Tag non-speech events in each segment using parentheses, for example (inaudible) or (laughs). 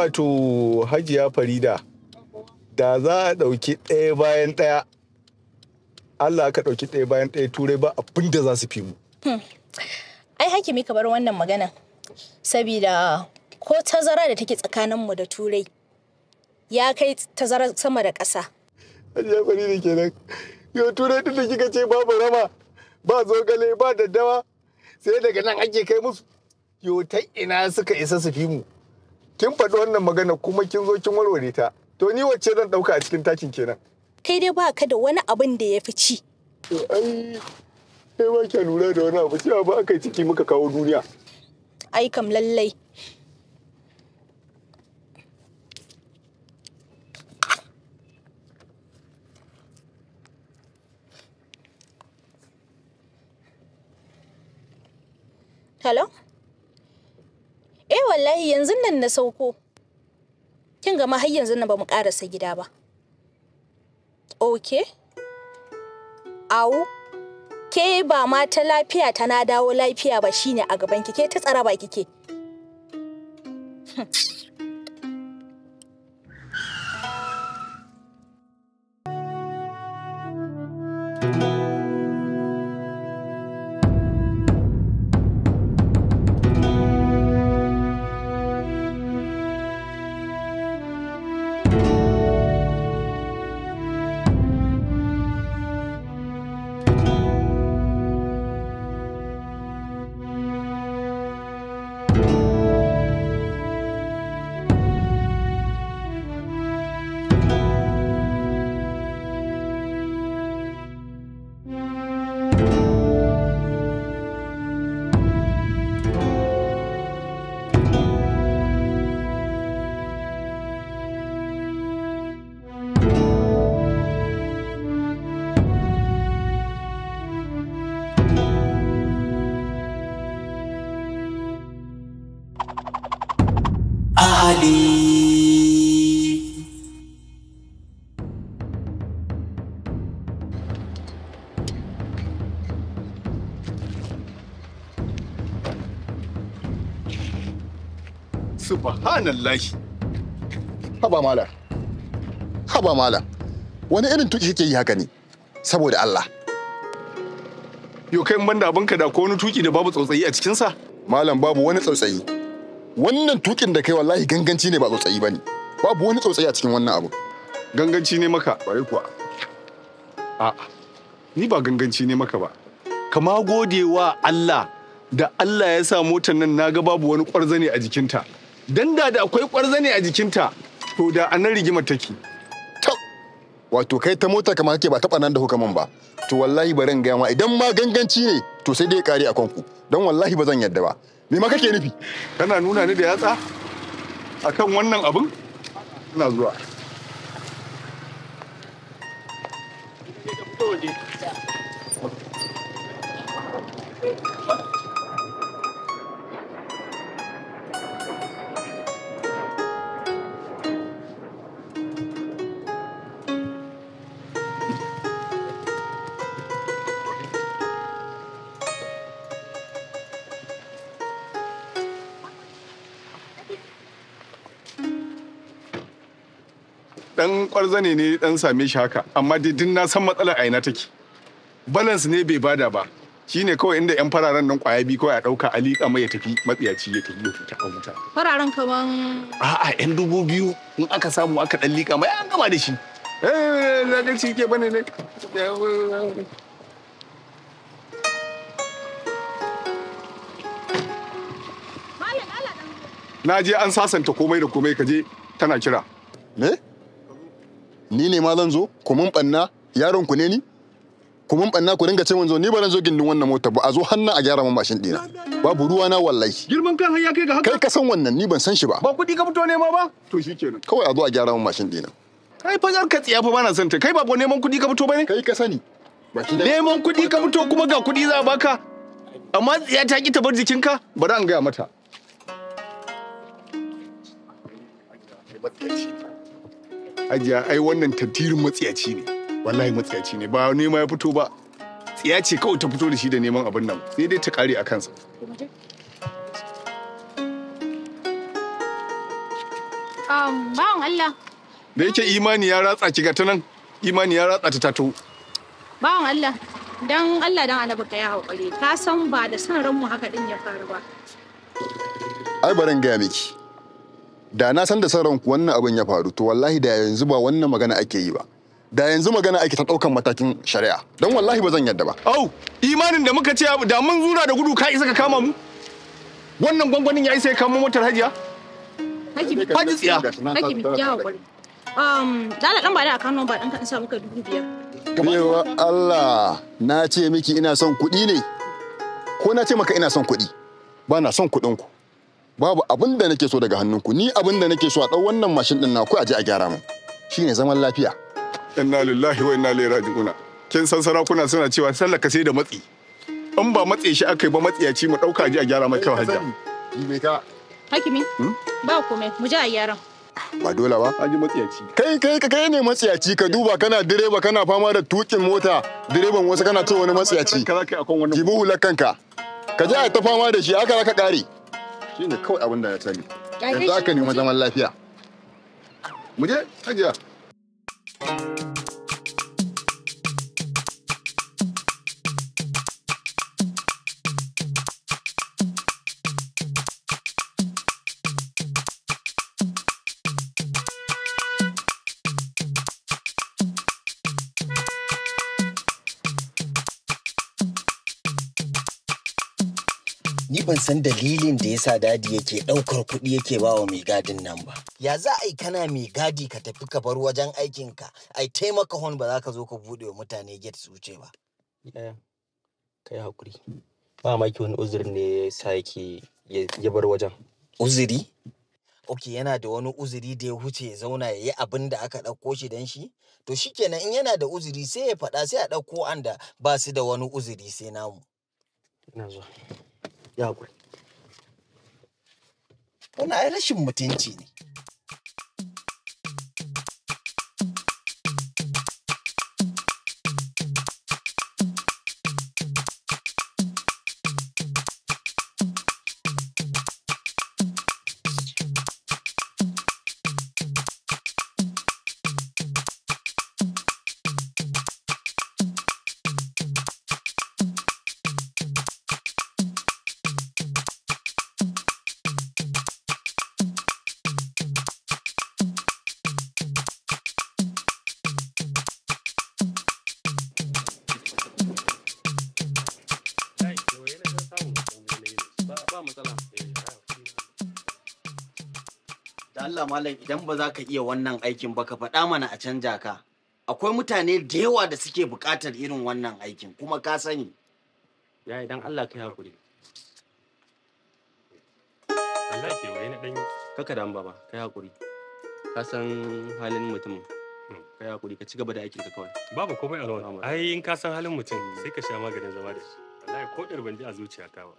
wato hajiya farida da za a ɗauki ɗaya bayan ɗaya allah ka ɗauki ɗaya bayan ɗaya turai ba abin da za su fi mu hmm. ai hakimi ka bar wannan magana sabida ko tazara da take tsakaninmu da turai ya kai tazara sama da ƙasa hajiya farida kenan yau turai tun da kika ce babu rama ba zogale ba daddawa sai daga nan ake kai musu yo ta ina suka isa su fi mu kin faɗi wannan magana kuma kin zo kin warware ta to ni wacce zan ɗauka a cikin takin kenan kai dai ba ka da wani abin da ya fi ci to ai kai ba kya lura da wani abu cewa ba aka ciki muka kawo duniya ai kam lallai Hello? eh wallahi yanzu nan na sauko kin ga ma har yanzu nan ba mu karasa gida ba okay au ke ba ma ta lafiya ta na dawo lafiya ba shine a gaban ki ke ta tsara ba kike subhanallah haba malam haba malam wani irin tuki kike yi haka ne saboda Allah yo kai banda ka da ko wani tuki da babu tsautsayi a cikinsa malam babu wani tsautsayi wannan tukin da kai wallahi ganganci ne ba tsautsayi bane babu wani tsautsayi a cikin wannan abu ganganci ne maka bare kuwa a'a ni ba ganganci ne maka ba kama godewa Allah da Allah ya sa motar nan naga babu wani kwarzane a jikinta Danda da akwai ƙwarza a jikinta, to da a nan rigimar take. Wato kai ta mota kamar kake ba taɓa nan da hukaman ba. To wallahi bari in gaya ma idan ma ganganci ne to sai dai kare a kanku. Don wallahi ba zan yadda ba. Me ma kake nufi? Kana nuna ni da yatsa? Akan wannan abin? Ina zuwa. dan kwarzane ne dan same shi haka amma didin na san matsalar aina take balance ne bai bada ba shine kawai inda yan fararen nan kwaya bi kawai a dauka ali kama ya tafi matsiyaci ya tafi ya fita a wuta fararen kaman a'a yan dubu biyu in aka samu aka dan lika mai an gama da shi eh na da shi ke bane ne na je an sasanta komai da komai kaje tana kira me ni ne ma zan zo ku mun banna yaron ku ne ni ku mun banna ku dinga ce mun zo ni ba zan zo gindin wannan mota ba a zo hannu a gyara mun mashin dina babu ruwa na wallahi girman kan har ya kai ga haka kai ka san wannan ni ban san shi ba ba kuɗi ka fito nema ba to shikenan kawai a zo a gyara mun mashin dina kai fa zar ka tsiya fa bana son ta kai ba neman kuɗi ka fito bane kai ka sani neman kuɗi ka fito kuma ga kuɗi za a baka amma ya ta ki ta bar jikinka bari an gaya mata Thank you. ajiya ai wannan tantirin matsiyaci ne wallahi matsiyaci ne ba nema ya fito ba tsiya ce kawai ta fito da shi da neman abin nan sai dai ta kare a kansa bawan Allah da yake imani ya ratsa ki ga ta nan imani ya ratsa ta tato bawan Allah dan Allah dan Annabi ka ya haƙuri ka san ba da san ranmu haka din ya faru ba ai baran ga miki da na san da sauran ku wannan abin ya faru to wallahi da yanzu ba wannan magana ake yi ba da yanzu magana ake ta daukan matakin shari'a don wallahi ba zan yadda ba au imanin da muka ce da mun zura da gudu ka isa ka kama mu wannan gwangwanin ya isa ya kama motar hajiya haji tsiya haji ya hakuri um dala dan ba da kano ba dan ka sa muka dubu biyar Bewa Allah na ce miki ina son kuɗi ne ko na ce maka ina son kuɗi ba na son kuɗin ku babu abin da nake so daga hannunku ni abin da nake so a ɗau wannan mashin ɗin naku a je a gyara min shine zaman lafiya inna lillahi wa inna ilaihi raji'un kin san sarakuna suna cewa sallaka sai da matsi in ba matse shi aka ba matsiyaci mu ɗauka je a gyara mai kawai hajja hakimi hmm? ba komai mu je a gyara ba dole ba an ji matsiyaci kai kai kai ne matsiyaci ka duba kana direba kana fama da tukin mota direban wasu kana ce wani matsiyaci jibi hular kanka ka je a ta fama da shi aka raka kare shi ne kawai abin da na sani yanzu aka nemi zaman lafiya mu je hajiya ban san dalilin da yasa dadi yake ɗaukar kuɗi yake ba wa mai gadin nan ba. Ya za a yi kana mai gadi ka tafi ka bar wajen aikinka, ai taimaka hon ba za ka zo ka buɗe wa mutane get su wuce ba. ka yi haƙuri. Ba wani uzuri ne ya sa yake ya bar wajen. Uzuri? ok yana da wani uzuri da ya huce ya zauna ya yi abin da aka ɗauko shi don shi to shikenan in yana da uzuri sai ya faɗa sai a ɗauko an da ba su da wani uzuri sai namu ina ya kuwa. Wani ai rashin mutunci ne. malam idan ba za ka iya wannan aikin ba ka faɗa mana a canja ka akwai mutane da yawa da suke buƙatar irin wannan aikin kuma ka sani ya idan Allah ka yi hakuri Allah ke na dan kaka da baba ka yi hakuri ka san halin mutum hmm. ka yi hakuri ka ci gaba da aikin ka kawai babu komai alwan ai in ka san halin mutum sai ka sha maganin zama da shi Allah ko dirban ji a zuciya ta ba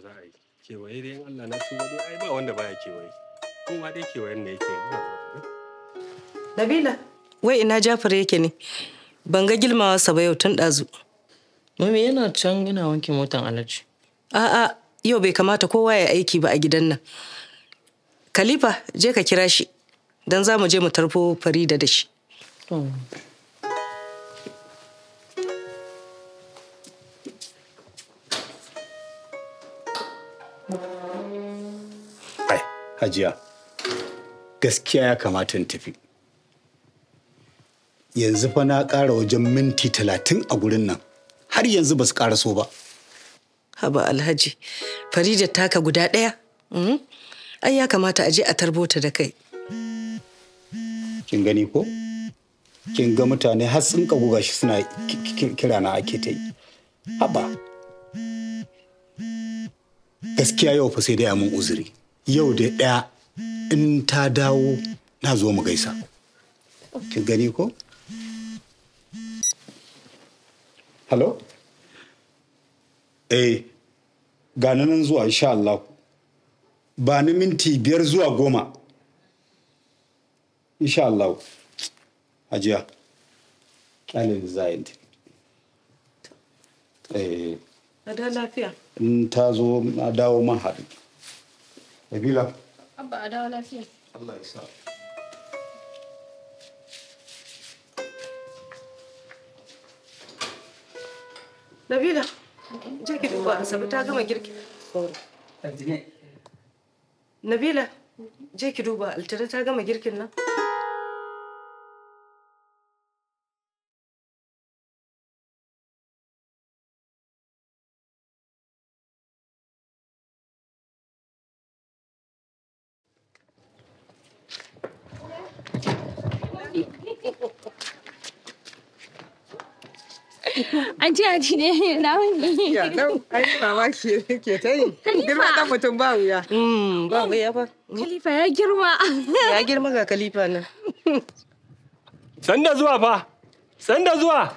za a yi kewaye dai in Allah na tuba dai ai ba wanda baya kewaye kowa dai wayan ne yake nabila wai ina jafar yake ne ban ga sa ba yau tun ɗazu mami yana can yana wanke motan alaji a'a yau bai kamata kowa ya aiki ba a gidan nan khalifa je ka kira shi don za mu je mu tarfo farida da shi Ai, Hajiya, gaskiya ya kamata in tafi yanzu fa na ƙara wajen minti talatin a gurin nan har yanzu ba su ƙara so ba haba alhaji farida taka guda ɗaya hmm? ai ya kamata a je a tarbota da kai kin gani ko kin ga mutane har sun guga shi suna kira na ake ta yi haba gaskiya yau fa sai dai mun uzuri yau da ɗaya in ta dawo na zo mu gaisa kin gani ko halo. Eh, gani nan zuwa insha Allah. Ba ni minti biyar zuwa goma. Insha Allah. Ajiya. Kyalin zayin Eh. A da lafiya. In ta zo na dawo man haɗu. Nabila. Abba a dawo lafiya. Allah ya sa. Nabila, je ki duba Asabe ta gama girki. Nabila, je ki duba ta gama girkin nan. (laughs) an ce a ci ne (laughs) na wani ya nan ke ta yi girma mutum ba wuya mm, ba wuya ba khalifa ya girma (laughs) ya girma ga khalifa nan sanda zuwa fa sanda zuwa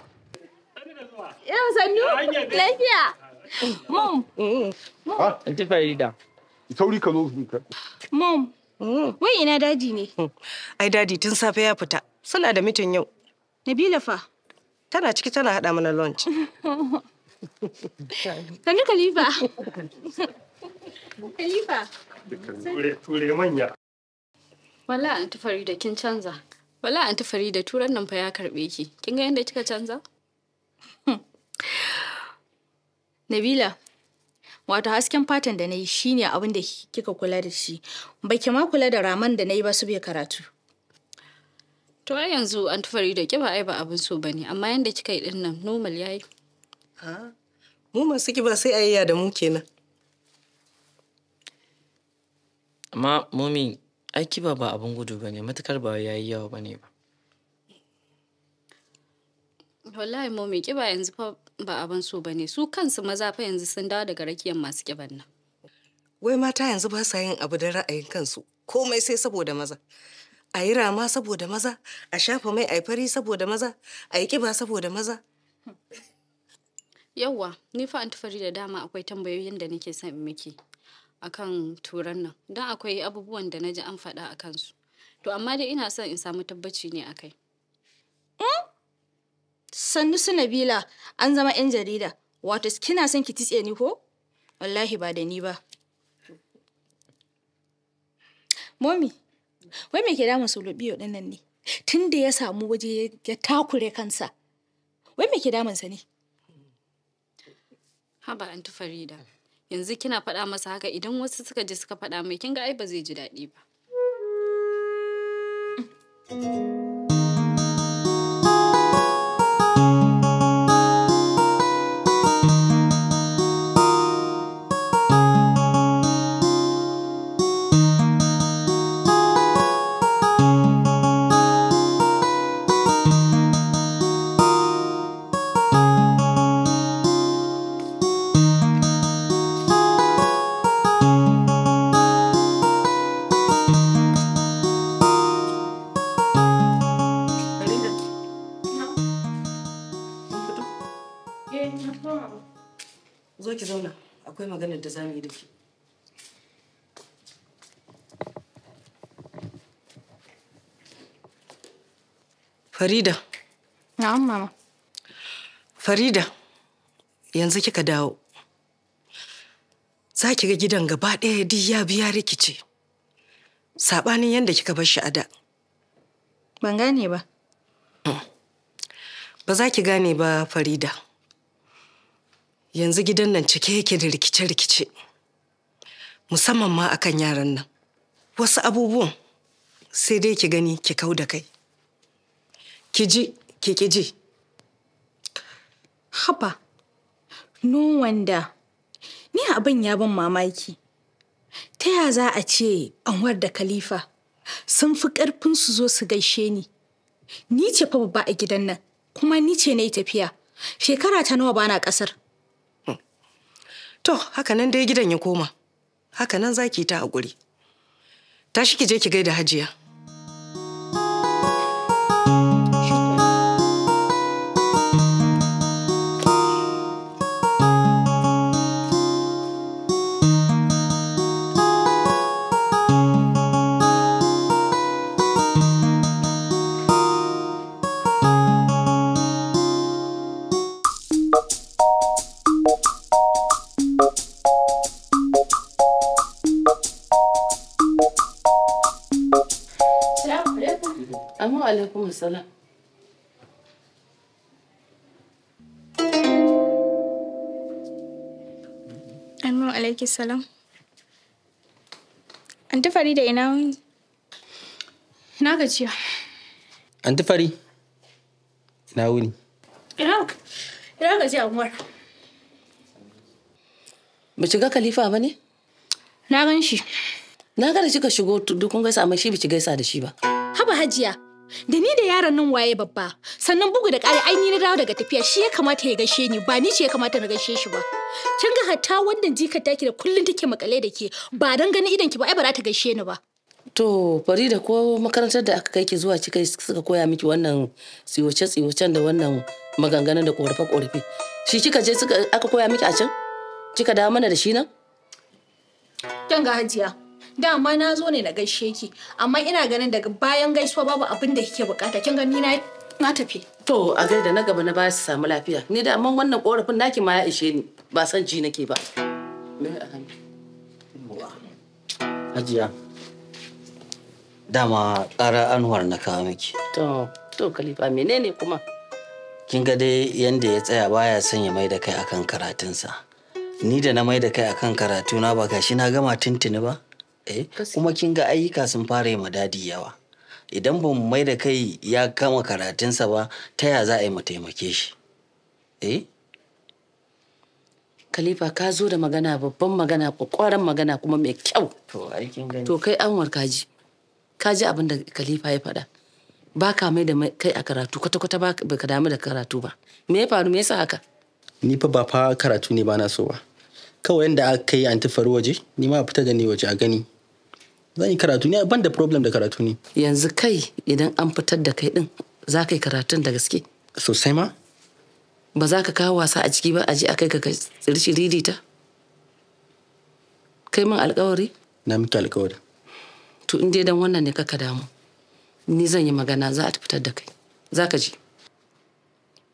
yau sannu lafiya mom mm. sauri ka zo mom mm. wai ina daji ne ai daji tun safe ya fita suna da mitin yau nabila fa tana ciki tana haɗa mana lunch. Kani (laughs) Khalifa. (laughs) Khalifa. Ture manya. Wala Anti Farida kin canza. Wala Anti Farida turan nan fa ya karɓe ki. Kin ga yadda kika canza? (laughs) Nabila, wato hasken fatan da na yi shine abin da kika kula da shi. Baki ma kula da raman da na yi ba su bai karatu. to ai yanzu an tufari da kiba ai ba abin so bane amma yanda kika yi din nan normal yayi ha mu masu kiba sai ayayya da mu kenan amma mumi ai kiba ba abin gudu bane matukar ba yayi yawa bane ba wallahi mumi kiba yanzu fa ba abin so bane su kansu maza fa yanzu sun dawo daga rakiyar masu kiban nan wai mata yanzu ba sa yin abu da ra'ayin kansu komai sai saboda maza a yi rama saboda maza a shafa mai aifari fari saboda maza a yi kiba saboda maza yawwa ni fa tufari da dama akwai tambayoyin da nake son in miki akan turan nan don akwai abubuwan da na ji an faɗa a kansu to amma dai ina son in samu tabbaci ne a kai. Hmm? sannu su nabila an zama 'yan jarida wato kina son ki titse ni ko wallahi ba da ni ba momi Wai me ke damun Sulubiyo ɗin nan ne? Tun da ya samu waje ya takure kansa. Wai me ke sa ne? Haba Antu Farida, yanzu kina faɗa masa haka idan wasu suka je suka faɗa mai kin ga ai ba zai ji daɗi ba. Farida. Na'am mama. Farida, yanzu kika dawo. Za ki ga gidan gaba ɗaya duk ya biya rikice. Saɓanin yadda kika bar shi a da. Ban gane ba. Hmm. Ba za ki gane ba Farida. Yanzu gidan nan cike yake da rikice-rikice. Musamman ma akan yaran nan. Wasu abubuwan sai dai ki gani ki kau da kai. ki ji ki ki ji haba no wanda ni abin ya bin mamaki ta ya za a ce anwar da khalifa sun fi ƙarfin su zo su gaishe ni ni ce fa babba a gidan nan kuma ni ce na yi tafiya shekara ta nawa bana ƙasar hmm. to haka nan dai gidan ya koma haka nan za ki ta haƙuri tashi ki je ki gaida hajiya salam. Anti da ina wuni? Ina gajiya. Anti Fari, ina wuni? Ina ina gajiya Umar. Ba shiga Khalifa ba ne? Na gan shi. Na ga da kika shigo duk gaisa amma shi ba shiga gaisa da shi ba. Haba Hajiya, Da ni da yaron nan waye babba, sannan bugu da ƙari ai ni na dawo daga tafiya shi ya kamata ya gaishe ni ba ni ce ya kamata na gaishe shi ba. Kin ga hatta wannan jika take da kullun take makale da ke ba dan ganin idan ki ba ai ba za ta gaishe ni ba. To Farida ko makarantar da aka kai ki zuwa cikai suka koya miki wannan tsiwace tsiwacen da wannan maganganun da korafe korafe. Shi kika je suka aka koya miki a can? Kika dawo mana da shi nan? Kin ga Hajiya, dama na zo ne na gaishe ki amma ina ganin daga bayan gaisuwa babu abin da kike bukata kin gani na na tafi to a gaida na gaba na ba su samu lafiya ni da amma wannan korafin naki ma ya ishe ni ba san ji nake ba hajiya dama ƙara anwar na kawo miki to to kalifa menene kuma kin ga dai yanda ya tsaya baya son ya mai da kai akan karatunsa ni da na mai da kai akan na ba gashi na gama tuntuni ba Eh, kuma kin ga ayyuka sun fara yi dadi yawa idan ba mu mai da kai ya kama karatunsa ba ta ya za a yi mu taimake shi eh Khalifa ka zo da magana babban magana kwakwaran magana kuma mai kyau to gani to kai anwar kaji kaji abin da Khalifa ya faɗa ba ka mai da kai a karatu kwata-kwata ba ka damu da karatu ba me ya faru me yasa haka ni fa ba fa karatu ne ba na so ba kawai yadda aka yi anti faru waje ni ma fita da ni waje a gani zan yi karatu ne ban da problem da karatu ne yanzu kai idan an fitar da kai din za ka yi karatun da gaske sosai ma ba za ka kawo wasa a ciki ba a ji a kai ka tsirci ridita kai min alkawari na miki alkawari to in dai dan wannan ne kaka damu ni zan yi magana za a fitar da kai za ka ji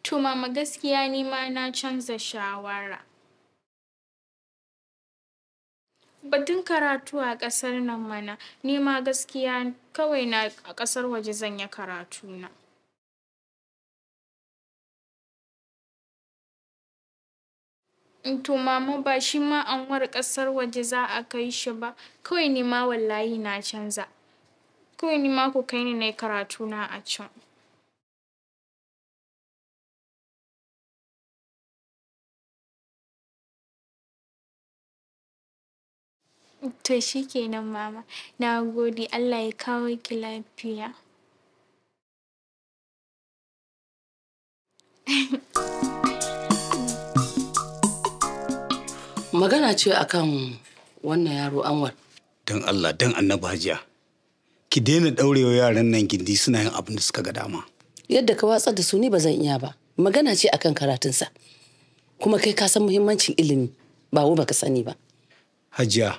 to mama gaskiya ni ma na canza shawara batun karatu a ƙasar nan mana nema gaskiya kawai na a kasar waje zan yi karatu na. To mama ba shi ma anwar ƙasar waje za a kai shi ba kawai nema wallahi na canza kawai nema ku kai ni na karatu na a can. To shi nan Mama. Na gode. Allah ya kawo ki lafiya. Magana ce akan wannan yaro Anwar. Don Allah, don annabi hajiya. Ki daina ɗaurewa yaran nan gindi suna yin abin da suka ga dama. Yadda ka watsar da su ni ba zan iya ba. Magana ce akan karatunsa. Kuma kai ka san muhimmancin ilimi, ba wu baka sani ba. hajiya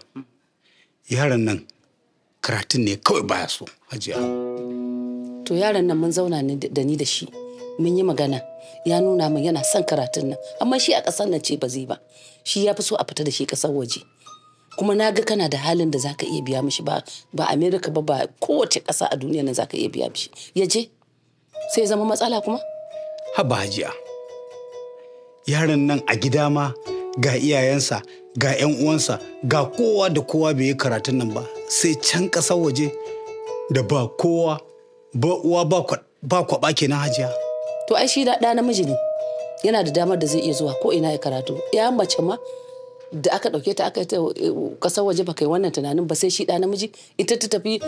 yaran nan karatun ne kawai baya so hajiya to yaran nan mun zauna da ni da shi mun yi magana ya nuna min yana son karatun nan amma shi a ƙasar nan ce ba zai ba shi ya fi so a fita da shi ƙasar waje kuma na ga kana da halin da zaka iya biya mishi ba ba america ba ba kowace ƙasa a duniya nan zaka iya biya mishi ya je sai zama matsala kuma haba hajiya yaran nan a gida ma ga iyayensa ga 'yan uwansa ga kowa da kowa bai yi karatun nan ba sai can ƙasar waje da ba kowa ba uwa ba kwaba ke na hajiya to ai shi da namiji ne yana da damar da zai iya zuwa ko ina ya karatu ya mace ma da aka ɗauke ta aka ta kasa eh, waje ba kai wannan tunanin ba sai shi da namiji ita ta tafi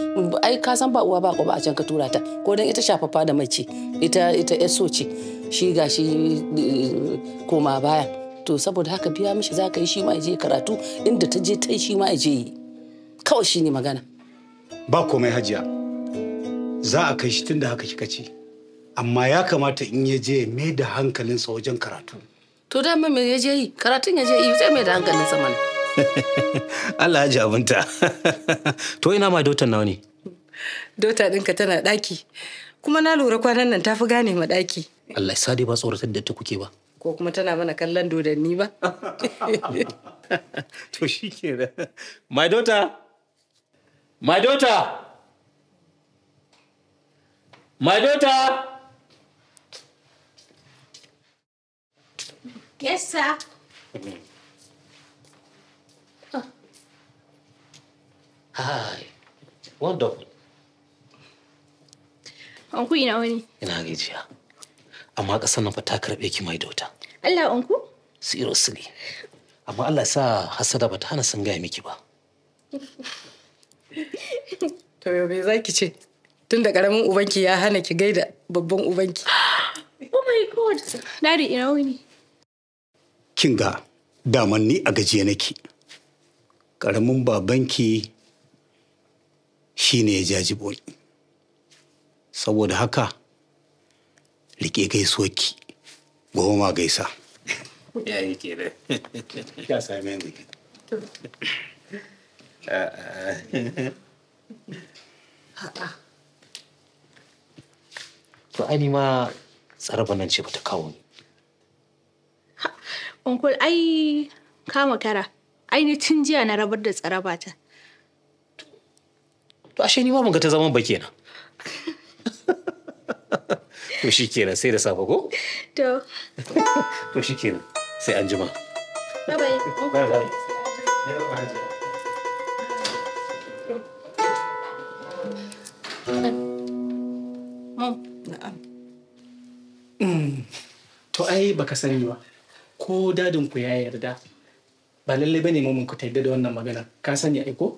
ai ka san ba uwa ba ba a can ka tura ta ko dan ita shafafa da mace ita ita so ce shi gashi eh, koma baya to saboda haka biya mishi za ka yi shi ma je karatu inda ta je ta yi shi ma je yi kawai shi ne magana ba komai hajiya za a kai shi tunda haka kika ce amma ya kamata in ya je mai da hankalinsa wajen karatu to dama mai ya je yi karatun ya je yi zai mai da hankalinsa mana (laughs) Allah ya ji abinta (laughs) to ina ma dotan nawa ne dota ɗinka tana ɗaki kuma na lura kwanan nan ta fi gane ma ɗaki Allah ya sa dai ba tsoratar da ta kuke ba ko kuma tana mana kallon dodanni ba (laughs) to shi kenan my daughter my daughter my daughter yes sir oh. hi wonderful an you know wani ina gajiya amma ƙasar nan fa ta karɓe ki mai dauta. Allah unku? Seriously. Amma Allah sa hasada ba ta hana sun gaya miki ba. To yau me za ki ce? Tun da ƙaramin ubanki ya hana ki gaida babban ubanki. (gasps) Oh my god! Daddy ina wuni. Kin ga daman ni a gajiye nake. Ƙaramin babanki shi ne ya jaji boni. Saboda haka, rike gaisuwa ki goma ma gaisa ya yi ke da ya same ni to ai ma tsaraba nan ce bata kawo ni Onkul ai kama kara ai ni tun jiya na rabar da tsaraba ta to ashe ni ma mun ga ta zama ba kenan (laughs) to shi kenan sai da safe ko? To. (laughs) To shi kenan sai an jima. Mm. To ai baka sani ba, ko dadinku ya yarda, ba lallai ba ne mun ku taidda da wannan magana, ka sani ai ko?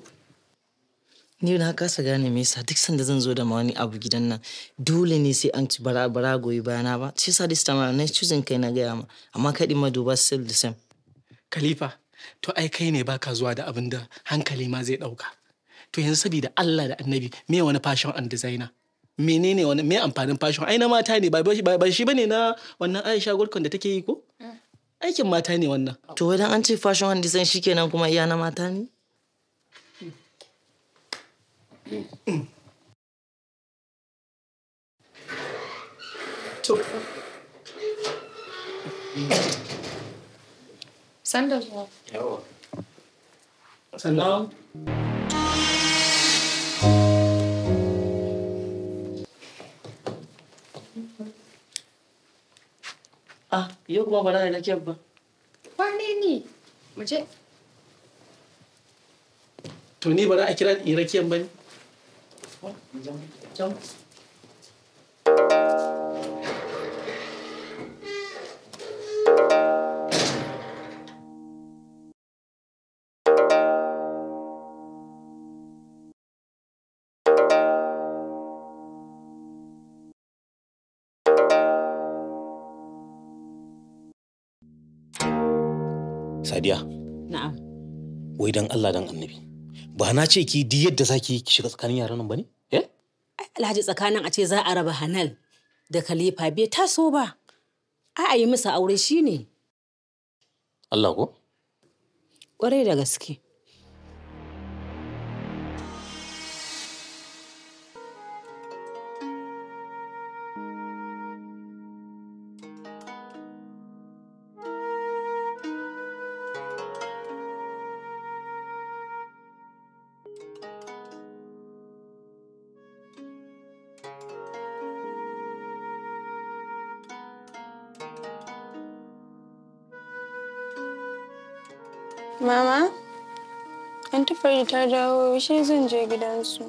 ni na kasa gane me yasa duk sanda zan zo da ma wani abu gidan nan dole ne sai an ci bara bara goyi bayana ba shi yasa this time na choosing kai na gaya ma amma kai ma duba still the same khalifa to ai kai ne baka zuwa da abin da hankali ma zai dauka to yanzu saboda Allah da Annabi me wani fashion and designer menene wani me amfanin fashion ai na mata ne ba shi bane na wannan Aisha Gurkon da take yi ko mm. aikin mata ne wannan to wadan an ce fashion and design shikenan kuma iya na mata ne To. Sanda zuwa. Yawa. Ah, kuma ba za a yi ba. Wane Mu je. To ni ba za a kira in rakiyar ba ne? Voilà, Sadiya. Na'am. Wai dan Allah dan Annabi. ba na ce ki di yadda za ki shiga tsakanin yaran nan ba ne? Eh? Alhaji tsakanin a ce za a raba Hanal da Khalifa bai taso ba. A a yi musu aure shi ne. Allah ko? Ƙwarai da gaske. Mama, an tufari ta dawo yaushe zan je gidansu.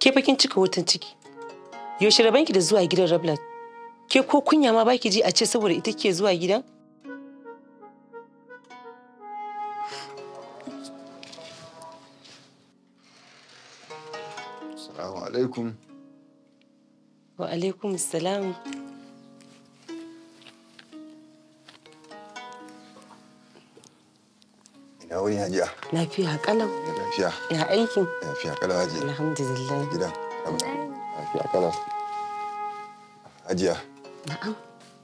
Ke fa kin cika wutan ciki. Yaushe rabanki da zuwa gidan Rablat? Ke ko kunya ma baki ji a ce saboda ita ke zuwa gidan? Assalamu alaikum. Wa alaikum salam. hajiya? Lafiya kalau. Lafiya. Ya aikin? Lafiya kalau hajiya. Alhamdulillah. Gida. Lafiya kalau. Hajiya. Na'am.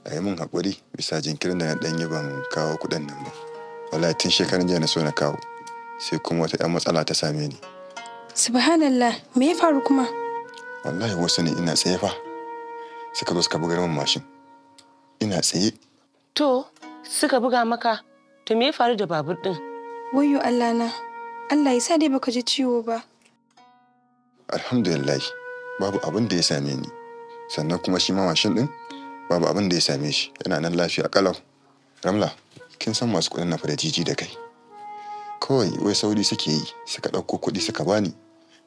A yi mun haƙuri bisa jinkirin da na ɗan yi ban kawo kuɗin nan ba. Wallahi tun shekaran jiya na so na kawo. Sai kuma wata 'yan matsala ta same ni. Subhanallah, me ya faru kuma? Wallahi wasu ne ina tsaye fa. Suka zo suka buga min mashin. Ina tsaye. To, suka buga maka, to me ya faru da babur din. wayo Allah na, Allah ya sa dai baka ji ciwo ba. Alhamdulillah, babu abin da ya same ni. Sannan kuma shi ma mashin din babu abin da ya same shi, yana nan lafiya kalau. Ramla, kin san masu kuɗin na fara jiji da kai. Kawai wai sauri suke yi, suka ɗauko kuɗi suka bani.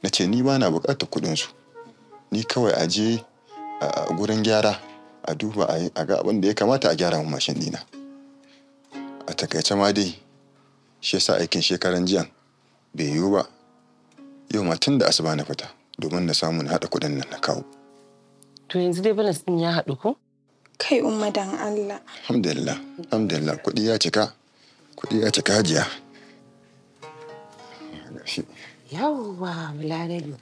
Na ce ni ba na buƙatar su Ni kawai a je a gurin gyara, a duba a ga abin da ya kamata a gyara mun mashin ɗina. A takaice ma dai, shi yasa aikin shekaran jiyan bai yiwu ba yau ma tun da asuba na fita domin na samu na haɗa kuɗin nan na kawo to yanzu dai balas ɗin ya haɗu ko kai umma dan Allah alhamdulillah alhamdulillah kuɗi ya cika kuɗi ya cika hajiya yawwa bulalabi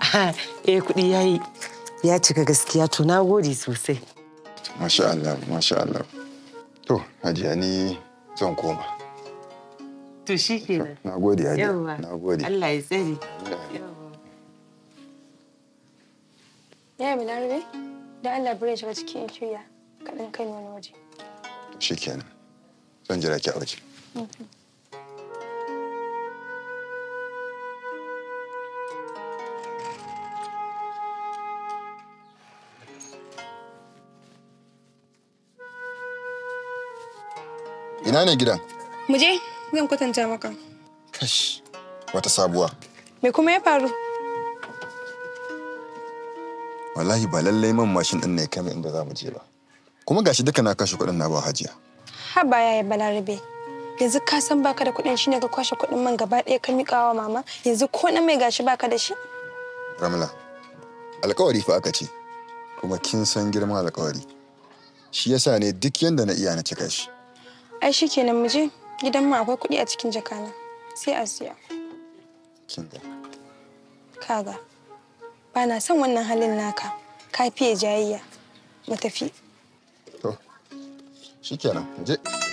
ah, eh kuɗi ya yi ya cika gaskiya to na gode sosai Masha Allah, masha Allah. To, Hajiya ni zan koma. To shi kenan. Na gode, Hajiya. Na gode. Allah ya tsare. Yaya Bilarabe, da Allah bari shiga ciki in shirya kaɗan kai wani waje. Shi kenan. Zan jira ki a waje. Mm-hmm. Ina ne gidan? muje zan kwatanta maka. Kash, wata sabuwa. Me kuma ya faru? Wallahi ba lallai man mashin ɗin ne ya kama inda za mu je ba. Kuma gashi duka na kashe kuɗin na ba hajiya. Haba yayi Balarabe. Yanzu ka san baka da kuɗin shine ka kwashe kuɗin man gaba ɗaya ka miƙa wa mama. Yanzu ko na mai gashi baka da shi? Ramla, alkawari fa aka ce. Kuma kin san girma alkawari. Shi yasa ne duk yanda na iya na cika shi. Ai shi kenan muje? gidan mu akwai kuɗi a cikin jakana sai a siya. Kaga ba na son wannan halin naka ka fiye jayayya mu tafi. To shi kenan -hmm.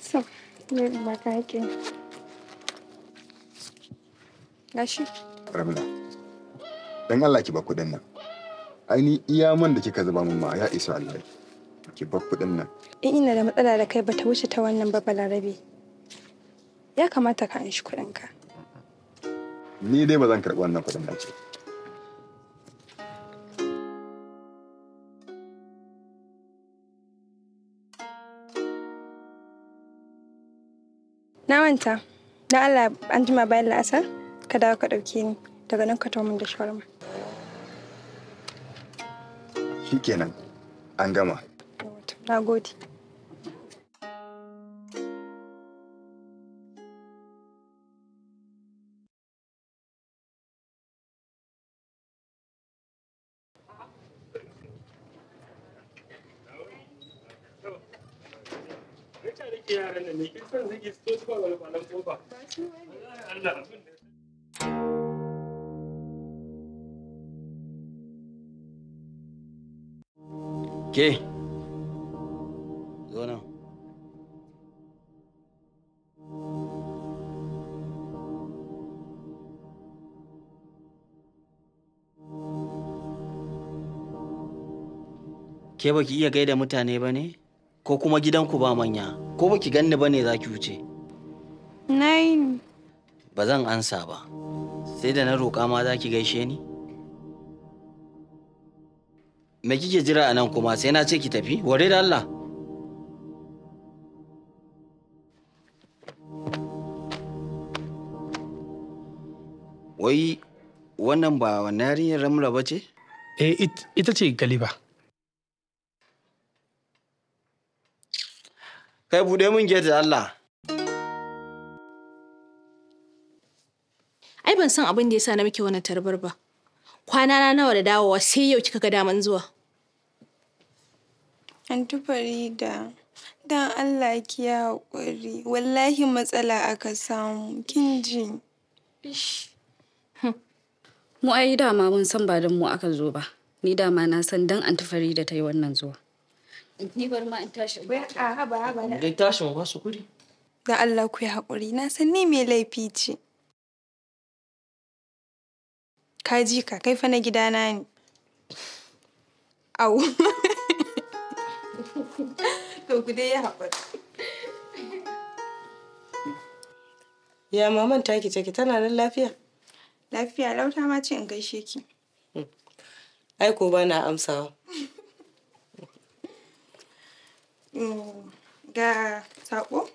So, ne ba ka haƙƙi. Gashi. Ramla, don Allah ki ba kuɗin nan. Aini iya man da kika zuba min ma ya isa Allah. Ki ba kuɗin nan. In eh, ina da matsala da kai ba ta wuce ta wannan ba Balarabe. Ya kamata ka anshi shi kuɗinka. Ni dai ba zan karɓi wannan kuɗin nake. manta na Allah an jima bayan la'asar ka dawo ka ɗauke ni daga nan ka tawo min da shawarma shikenan an gama na gode Ke, zo nan. Ke baki iya gaida mutane ba ne? Ko kuma gidanku ba manya? ko baki ganni bane za ki wuce nai ba zan ansa ba sai da na roƙa ma za ki gaishe ni me kike jira a nan kuma sai na ce ki tafi ware da Allah wai wannan ba wannan yarinyar ramla ba ce eh ita ce galiba Kai buɗe mun gate da Allah. Ai ban san abin da yasa na muke wannan tarbar ba. Kwana na nawa da dawowa sai yau kika ga daman zuwa. tufari da dan Allah ki ya hakuri Wallahi matsala aka samu, kin ji. Hm. Mu ai dama mun san ba don mu aka zo ba. Ni dama na san dan Anti da ta yi wannan zuwa. Ni bar ma in tashi. Bai a haba haba na. Gai tashin ba su kuri. Da Allah ku yi haƙuri na san ni mai laifi ce. Ka ji ka kai fa na gidana ne. Au. (laughs) To ku dai ya haƙuri. Ya maman taki take tana nan lafiya? Lafiya lauta ma ce in gaishe ki. Hmm. Ai ko ba na amsawa. (laughs) ga saƙo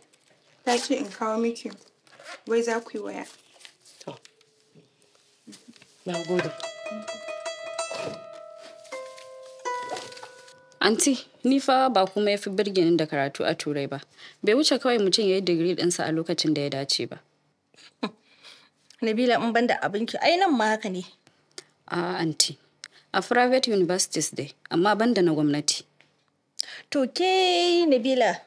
ta ce in kawo miki wai za ku yi waya. To, na gode. Anti, ni fa ba kuma ya fi birginin da karatu a Turai ba. Bai wuce kawai mutum ya yi digiri ɗinsa a lokacin da ya dace ba. (laughs) Nabila in banda abinki, ai nan ma haka ne. A ah, anti, a private universities dai, amma ban da na gwamnati. To ke Nabila,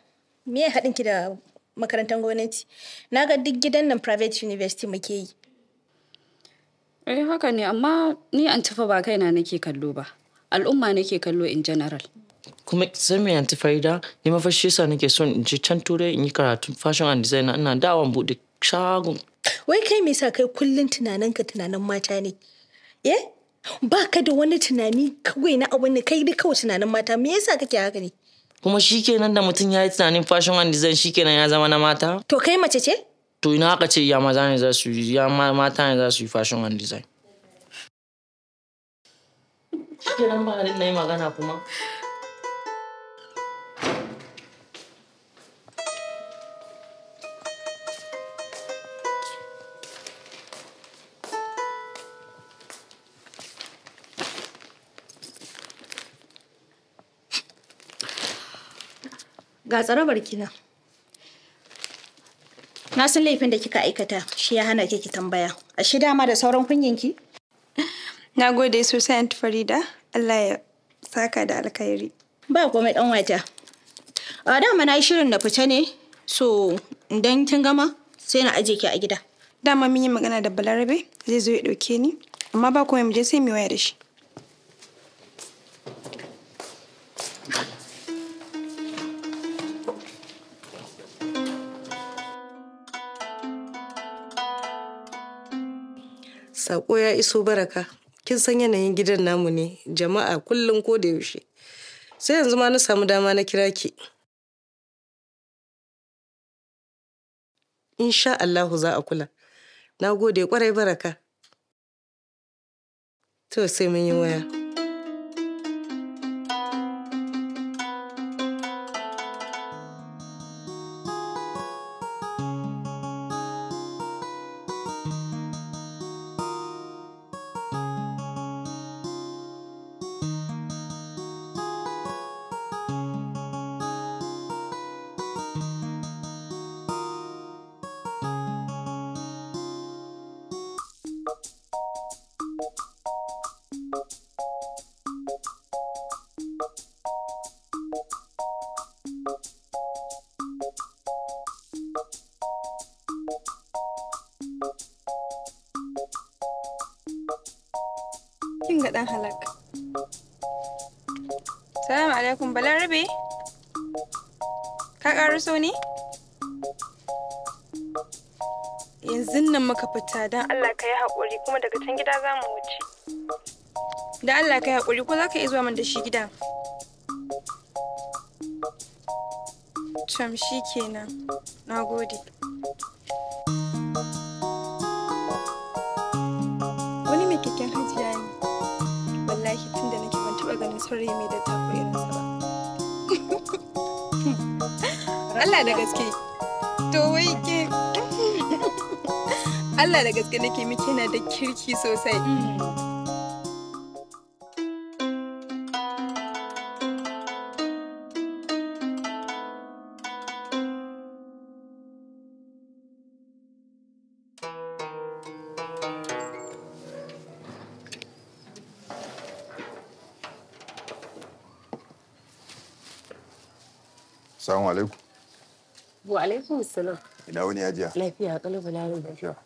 me haɗin ki da makarantar gwamnati? Na ga duk gidan nan private university muke yi. Eh haka ne amma ni an tafa ba kaina nake kallo ba. Al'umma nake kallo in general. kuma sai mai anti fa'ida, ni mafi shi yasa nake son in ci can turai in yi karatu fashion and design ina dawon bude shagon wai kai me yasa kai kullum tunanin ka tunanin mata ne eh ba ka da wani tunani kawai na abin ne kai dai kawai tunanin mata me yasa kake haka ne kuma shikenan da mutum ya yi tunanin fashion and design shikenan ya zama na mata to kai mace ce to ina aka ce ya maza ne za su mata ne za su yi fashion and design shikenan ba na yi magana kuma Ga tsarabar ki Na san laifin da kika aikata shi ya hana ki tambaya. Ashe dama da sauran kunyinki Na gode sosai Aunt Farida. Allah ya saka da alkhairi. Ba komai dan wata. A dama na yi shirin na fita ne. So, idan kin gama sai na ajiye ki a gida. Dama mun yi magana da Balarabe zai zo ya dauke ni. Amma ba komai mu je sai mu waya da shi. Sako ya iso baraka. Kin san yanayin gidan namu ne, jama'a kullum ko da yaushe. Sai yanzu ma na samu dama na kira ki. Insha Allahu za a kula. Na gode kwarai baraka. To sai mun yi waya. ga dan halak. Salamu alaikum Balarabe. Ka ƙaru so ne? Yanzu nan muka fita don Allah ka yi haƙuri kuma daga can gida za mu wuce. Da Allah ka yi haƙuri ko za ka iya zuwa min da shi gida. Cam shi kenan. Na gode. Allah da gaske to wai ke (laughs) Allah da gaske nake miki na da kirki sosai mm. Alaikum wani ajiya? Lafiya Lafiya.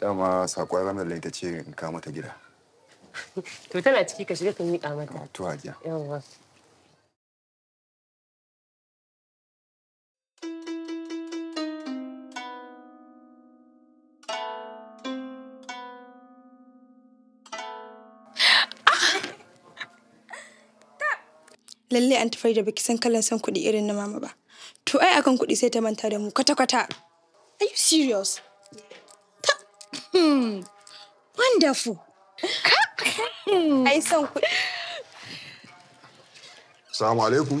Dama da ce in mata gida. (laughs) To tana ciki ka shiga ka miƙa mata. To ah! Lalle an tafar da baki san kalan san kuɗi irin na mama ba. To ai akan kuɗi sai ta manta da mu kwata-kwata. Are you serious? Ta hmm. Wonderful. Hmm, ai son kuɗi. Assalamu alaikum.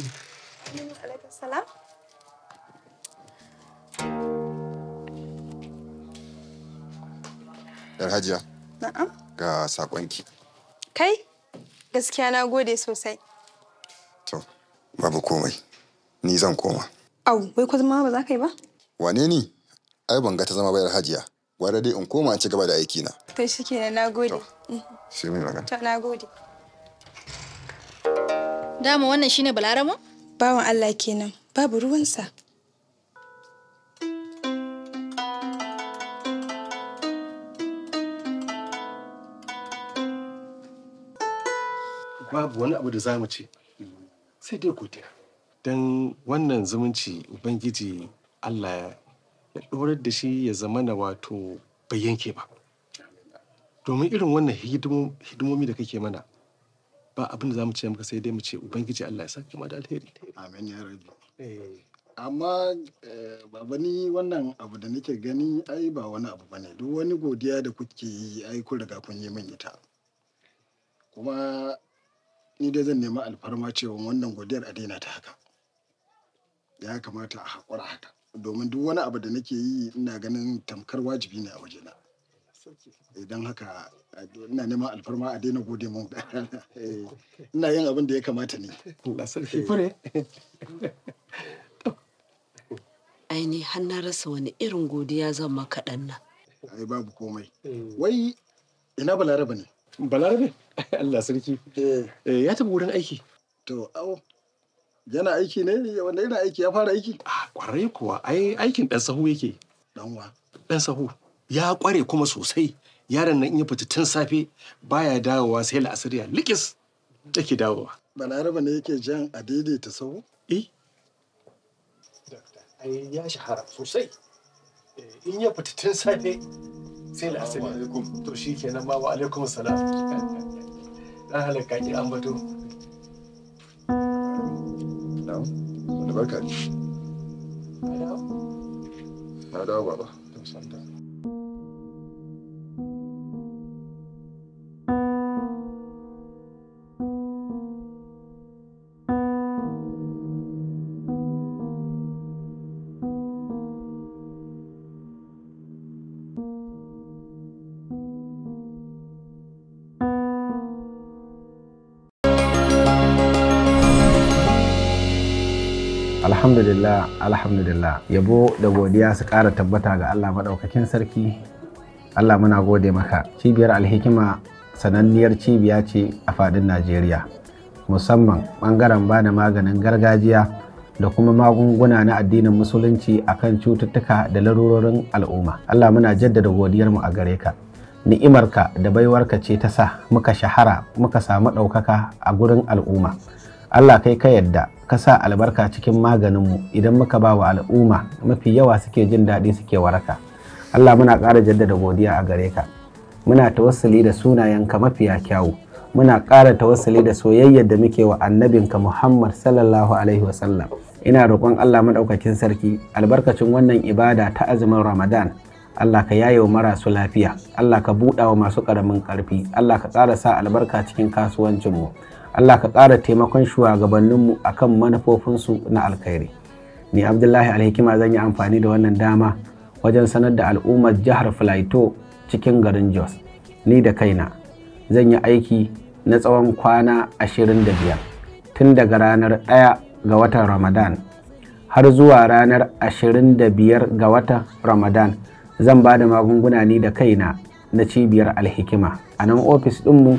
Yar Hajiya. Na'am. Ga sakonki. Kai, gaskiya na gode sosai. To, babu komai. Ni zan koma. Au, wai ko zama ba za ka yi ba? Wane ni? Ai ban ga ta zama bayar hajiya. Gwara dai in koma ci gaba da aiki na. To shi kenan na gode. Mm. Shi mai magana. To na gode. Dama wannan shine Balaramu? Bawan Allah kenan. Babu ruwansa. Babu wani abu da za mu ce. Sai dai godiya. don wannan zumunci ubangiji allah ya ɗorar da shi ya zama na wato bai yanke ba domin irin wannan hidimomi da kake mana ba abin da za mu ce maka sai dai mu ce ubangiji allah ya sa kama da alheri amen ya rabi eh. amma eh, baba ni wannan abu da nake gani ai ba wani abu bane duk wani godiya da kuke yi ai kun riga kun yi min ita kuma ni dai zan nemi alfarma cewa wannan godiyar a daina ta haka ya kamata a haƙura haka domin duk wani abu da nake yi ina ganin tamkar wajibi ne a wajena idan haka ina neman alfarma a daina gode mun eh, ina yin abin da ya kamata ne eh. aini har na rasa wani irin godiya zan maka ɗan nan ai babu komai eh. wai ina balarabe ne balarabe (laughs) Allah sarki ya taba wurin aiki to awo yana aiki ne wanda yana aiki ya fara aiki a ah, kwarai kuwa ai aikin ɗan sahu yake dan wa sahu ya kware kuma sosai yaron nan in ya fita tun safe baya dawowa sai la'asariya likis take dawowa balaraba ne yake jan a daidaita sahu eh ai ya shahara sosai eh, in ya fita tun safe sai la'asariya alaikum to shikenan ma wa alaikum salam dan (laughs) halaka ki bato know, on the record. I know. I know, well, it was like that. alhamdulillah alhamdulillah yabo da godiya su kara tabbata ga allah maɗaukakin sarki allah muna gode maka cibiyar alhikima sananniyar cibiya ce a fadin najeriya musamman ɓangaren ba da maganin gargajiya da kuma magunguna na addinin musulunci akan cututtuka da larurorin al'umma allah muna jaddada godiyarmu a gare ka ni'imarka da baiwarka ce ta sa muka shahara muka samu ɗaukaka a gurin al'umma Allah kai ka yadda ka sa albarka cikin maganinmu idan muka ba wa al'umma mafi yawa suke jin daɗi suke waraka Allah muna ƙara jaddada godiya a gare ka muna tawassuli da sunayenka mafiya kyawu muna ƙara tawassuli da soyayyar da muke wa annabinka Muhammad sallallahu alaihi wasallam ina roƙon Allah maɗaukakin sarki albarkacin wannan ibada ta azumin Ramadan Allah ka yaye wa marasu lafiya Allah ka buɗa wa masu ƙaramin ƙarfi Allah ka ƙara sa albarka cikin kasuwancinmu Allah ka ƙara taimakon shugabanninmu kan manufofinsu na alkhairi ni abdullahi alhikima zan yi amfani da wannan dama wajen sanar da al'ummar jihar filaito cikin garin jos ni da kaina zan yi aiki na tsawon kwana ashirin da biyar. tun daga ranar ɗaya ga watan ramadan har zuwa ranar ashirin da biyar ga watan ramadan zan ba da magunguna ni da kaina na cibiyar alhikima a nan ofis ɗinmu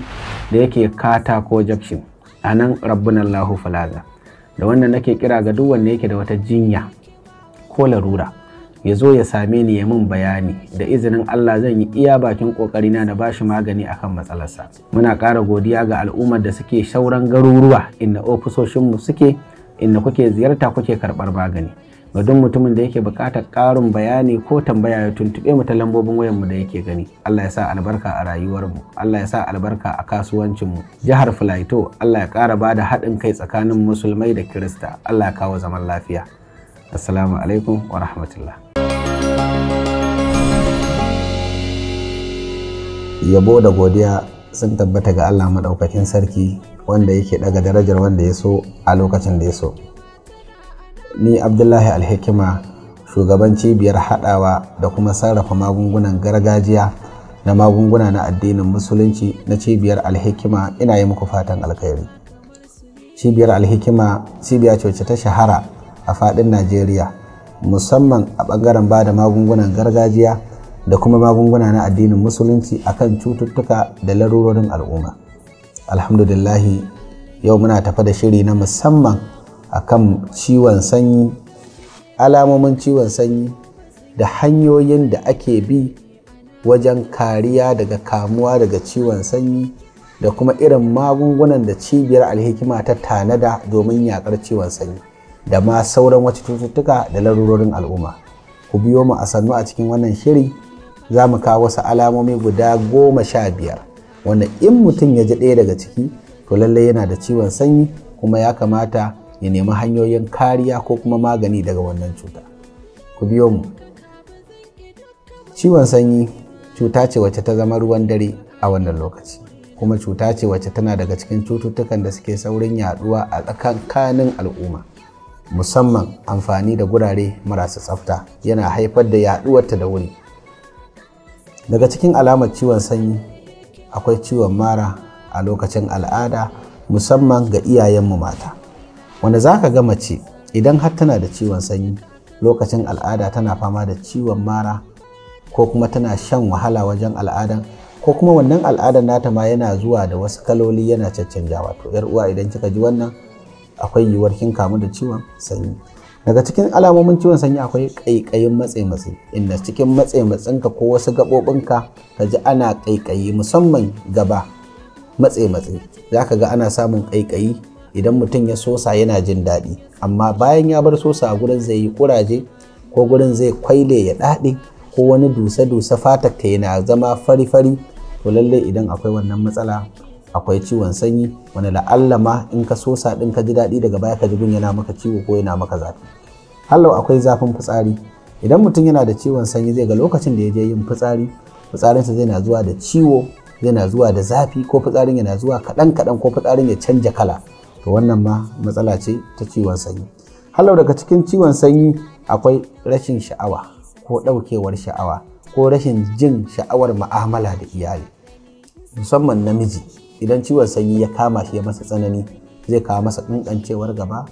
da yake kata ko jabshin a nan rabbin allahu falaza da wannan nake kira ga duk wanda yake da wata jinya ko larura ya zo ya same ni ya min bayani da izinin Allah zan yi iya bakin kokarina na bashi magani akan matsalarsa muna ƙara godiya ga al'ummar da suke shauran garuruwa inda ofisoshinmu suke inda kuke ziyarta kuke karɓar magani ga duk mutumin da yake buƙatar ƙarin bayani ko tambaya ya tuntuɓe mu ta lambobin wayar mu da yake gani Allah ya sa albarka a rayuwar mu Allah ya sa albarka a kasuwancin mu jihar Filaito Allah ya ƙara bada haɗin kai tsakanin musulmai da Kirista Allah ya kawo zaman lafiya assalamu alaikum wa rahmatullah yabo da godiya sun tabbata ga Allah maɗaukakin sarki wanda yake daga darajar wanda ya so a lokacin da ya so ni abdullahi alhikima shugaban cibiyar hadawa da kuma sarrafa magungunan gargajiya na magunguna na addinin musulunci na cibiyar alhikima ina yi muku fatan alkhairi cibiyar alhikima cibiya ce ta shahara a fadin najeriya musamman a bangaren ba da magungunan gargajiya da kuma magunguna na addinin musulunci akan cututtuka da larurorin al'umma alhamdulillahi yau muna tafa da shiri na musamman akan ciwon sanyi alamomin ciwon sanyi da hanyoyin da ake bi wajen kariya daga kamuwa daga ciwon sanyi da kuma irin magungunan da cibiyar alhikima ta tanada domin yakar ciwon sanyi da ma sauran wacce cututtuka da larurorin al'umma ku biyo mu a sannu a cikin wannan shiri za mu kawo wasu alamomi guda goma sha biyar wanda in mutum ya ji ɗaya daga ciki to lallai yana da ciwon sanyi kuma ya kamata ya nemi hanyoyin kariya ko kuma magani daga wannan cuta ku biyo mu ciwon sanyi cuta ce wacce ta zama ruwan dare a wannan lokaci kuma cuta ce wacce tana daga cikin cututtukan da suke saurin yaduwa a tsakankanin al'umma musamman amfani da gurare marasa tsafta yana haifar da yaduwarta da wuri daga cikin alamar ciwon sanyi akwai ciwon mara a lokacin al'ada musamman ga iyayenmu mata wanda za ka ga mace idan har tana da ciwon sanyi lokacin al'ada tana fama da ciwon mara ko kuma tana shan wahala wajen al'adan ko kuma wannan al'adan nata ma yana zuwa da wasu kaloli yana cancanjawa to yar uwa idan kika ji wannan akwai yiwuwar kin kamu da ciwon sanyi daga cikin alamomin ciwon sanyi akwai ƙaiƙayin matse-matse inda cikin matse-matsenka ko wasu gaɓoɓinka ka ji ana ƙaiƙayi musamman gaba matse-matse za ka ga ana samun ƙaiƙayi idan mutum ya sosa yana jin daɗi amma bayan ya bar sosa a gurin zai yi kuraje ko gurin zai kwaile ya daɗe ko wani dusa-dusa fatar yana zama fari-fari to lallai idan akwai wannan matsala akwai ciwon sanyi wani la'alla ma in ka sosa din ka ji daɗi daga baya ka ji gun yana maka ciwo ko yana maka zafi hallau akwai zafin fitsari idan mutum yana da ciwon sanyi zai ga lokacin da ya je yin fitsari fitsarinsa zai na zuwa da ciwo zai zuwa da zafi ko fitsarin yana zuwa kaɗan kaɗan ko fitsarin ya canja kala to wannan ma matsala ce ta ciwon sanyi halau daga cikin ciwon sanyi akwai rashin sha'awa ko ɗaukewar sha'awa ko rashin jin sha'awar ma'amala da iyali musamman namiji idan ciwon sanyi ya kama shi ya masa tsanani zai kawo masa ƙanƙancewar gaba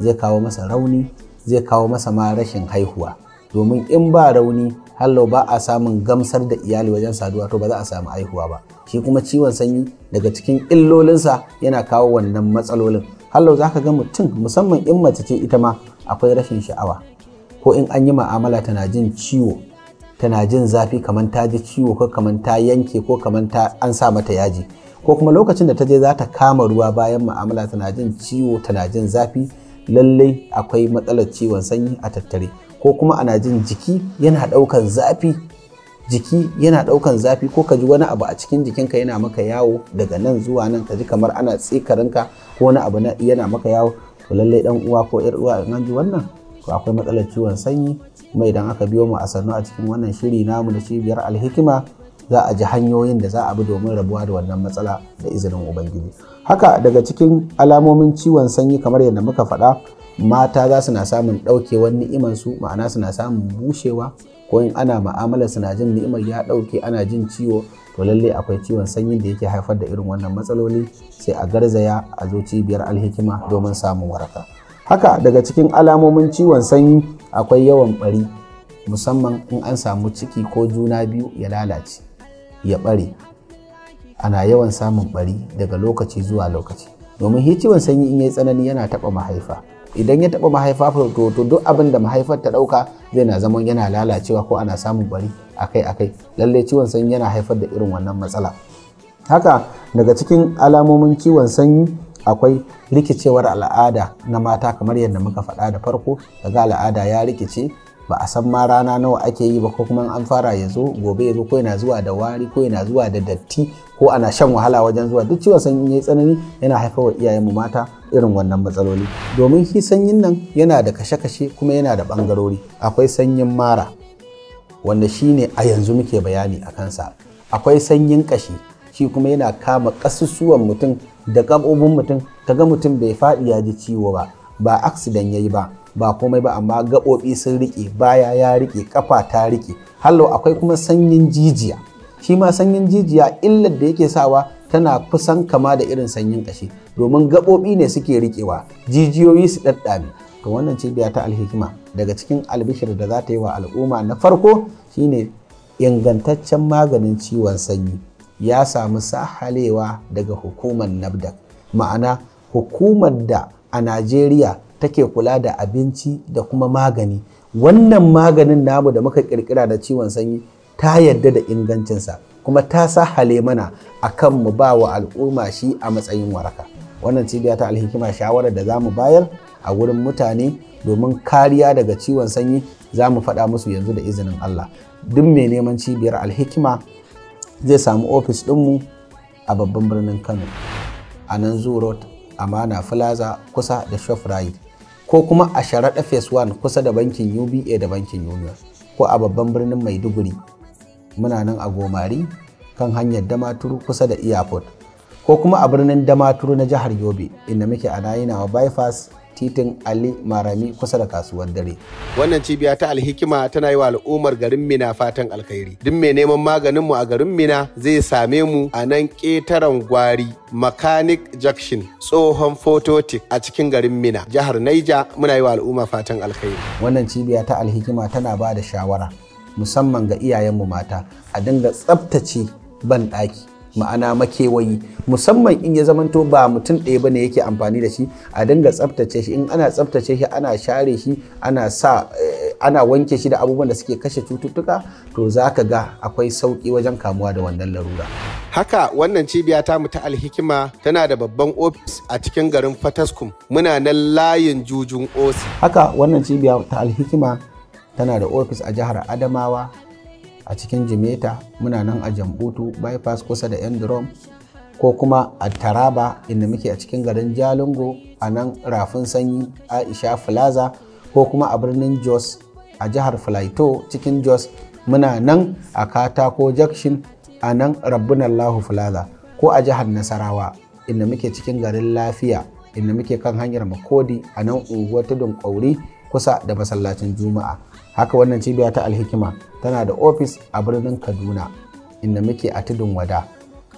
zai kawo masa rauni zai kawo masa ma rashin haihuwa domin in ba rauni hallau ba a samun gamsar da iyali wajen saduwa to ba za a samu haihuwa ba shi kuma ciwon sanyi daga cikin illolinsa yana kawo wannan matsalolin hallau za ka ga mutum musamman in mace ce ita ma akwai rashin sha'awa ko in an yi ma'amala tana jin ciwo tana jin zafi kamar ta ji ciwo ko kamar ta yanke ko kamar ta an sa mata yaji ko kuma lokacin da ta je za ta kama ruwa bayan ma'amala tana jin ciwo tana jin zafi lallai akwai matsalar ciwon sanyi a tattare ko kuma ana jin jiki yana ɗaukan zafi jiki yana ɗaukan zafi ko ka ji wani abu a cikin jikinka yana maka yawo daga nan zuwa nan ka ji kamar ana tsikarinka ko wani abu yana maka yawo to lallai dan uwa ko yar uwa in an ji wannan to akwai matsalar ciwon sanyi kuma idan aka biyo mu a sannu a cikin wannan shiri namu da cibiyar alhikima za a ji hanyoyin da za a bi domin rabuwa da wannan matsala da izinin ubangiji haka daga cikin alamomin ciwon sanyi kamar yadda muka faɗa mata za su na samun ɗaukewar ni'imansu ma'ana su na samun bushewa ko in ana ma'amalar suna jin ni'imar ya ɗauke ana jin ciwo to lallai akwai ciwon sanyin da yake haifar da irin wannan matsaloli sai a garzaya a zo cibiyar alhikima domin samun waraka haka daga cikin alamomin ciwon sanyi akwai yawan bari musamman in an samu ciki ko juna biyu ya lalace ya bare ana yawan samun ɓari daga lokaci zuwa lokaci domin ciwon sanyi in ya yi tsanani yana taɓa mahaifa idan ya taba mahaifa to to duk abin da mahaifar ta dauka zai na zaman yana lalacewa ko ana samun bari akai akai lalle ciwon sanyi yana haifar da irin wannan matsala haka daga cikin alamomin ciwon sanyi akwai rikicewar al'ada na mata kamar yadda muka faɗa da farko daga al'ada ya rikice ba a san ma rana nawa ake yi ba ko kuma an fara ya zo gobe ya zo ko yana zuwa da wari ko yana zuwa da datti ko ana shan wahala wajen zuwa duk ciwon sanyi yi tsanani yana haifar wa iyayenmu mata irin wannan matsaloli domin shi sanyin nan yana da kashe-kashe kuma yana da bangarori akwai sanyin mara wanda shi ne a yanzu muke bayani a kansa akwai sanyin kashi shi kuma yana kama ƙasusuwan mutum da gaɓoɓin mutum ga mutum bai faɗi ya ji ciwo ba ba accident yayi ba ba komai ba amma gaɓoɓi sun riƙe baya ya riƙe ƙafa ta riƙe hallo akwai kuma sanyin jijiya shi ma sanyin jijiya illar da yake sawa tana kusan kama da irin sanyin ƙashi domin gaɓoɓi ne suke riƙewa jijiyoyi su ɗaɗɗame to wannan cibiya ta alhikima daga cikin albishir da za ta yi wa al'umma na farko shine ingantaccen maganin ciwon sanyi ya samu sahalewa daga hukumar nabdak ma'ana hukumar da a najeriya take kula da abinci da kuma magani wannan maganin namu da muka kirkira da ciwon sanyi ta yadda da ingancinsa kuma ta sahale mana a kan mu ba wa al'umma shi a matsayin waraka wannan cibiya ta alhikima shawarar da za mu bayar a wurin mutane domin kariya daga ciwon sanyi za mu faɗa musu yanzu da izinin Allah duk mai neman cibiyar alhikima zai samu ofis ɗinmu a babban birnin Kano a nan zoo road amana plaza kusa da shoprite ko kuma a sharaɗa phase one kusa da bankin uba da bankin union ko a babban birnin maiduguri muna nan a gomari kan hanyar damaturu kusa da airport ko kuma a birnin damaturu na jihar yobe inda muke a nayinawa bypass titin Ali Marami kusa da kasuwar dare. Wannan cibiya ta alhikima tana yi wa al'ummar garin Mina fatan alkhairi. Duk mai neman maganin mu a garin Mina zai same mu a nan ƙetaren gwari Mechanic Junction tsohon phototic a cikin garin Mina jihar Naija muna yi wa al'umma fatan alkhairi. Wannan cibiya ta alhikima tana ba da shawara musamman ga iyayenmu mata a dinga tsaftace ban ɗaki. ma'ana makewayi musamman in ya zamanto ba mutum ɗaya bane yake amfani da shi a dinga tsaftace shi in ana tsaftace shi ana share shi ana sa eh, ana wanke shi da abubuwan da suke kashe cututtuka to za ka ga akwai sauƙi wajen kamuwa da wannan larura. Haka wannan cibiya ta mu ta alhikima tana da babban ofis a cikin garin Fataskum muna nan layin jujun osi. Haka wannan cibiya ta alhikima tana da ofis a jihar Adamawa a cikin jimeta muna nan a jambutu bypass kusa da yan ko kuma a taraba inda muke a cikin garin jalingo a nan rafin sanyi aisha plaza ko kuma a birnin jos a jihar filaito cikin jos muna nan a katako jakshin a nan allahu filaza ko a jihar nasarawa inda muke cikin garin lafiya inda muke kan hanyar makodi a nan unguwar tudun ƙauri kusa da masallacin juma'a haka wannan cibiya ta alhikima tana da ofis a birnin kaduna inda muke a tudun wada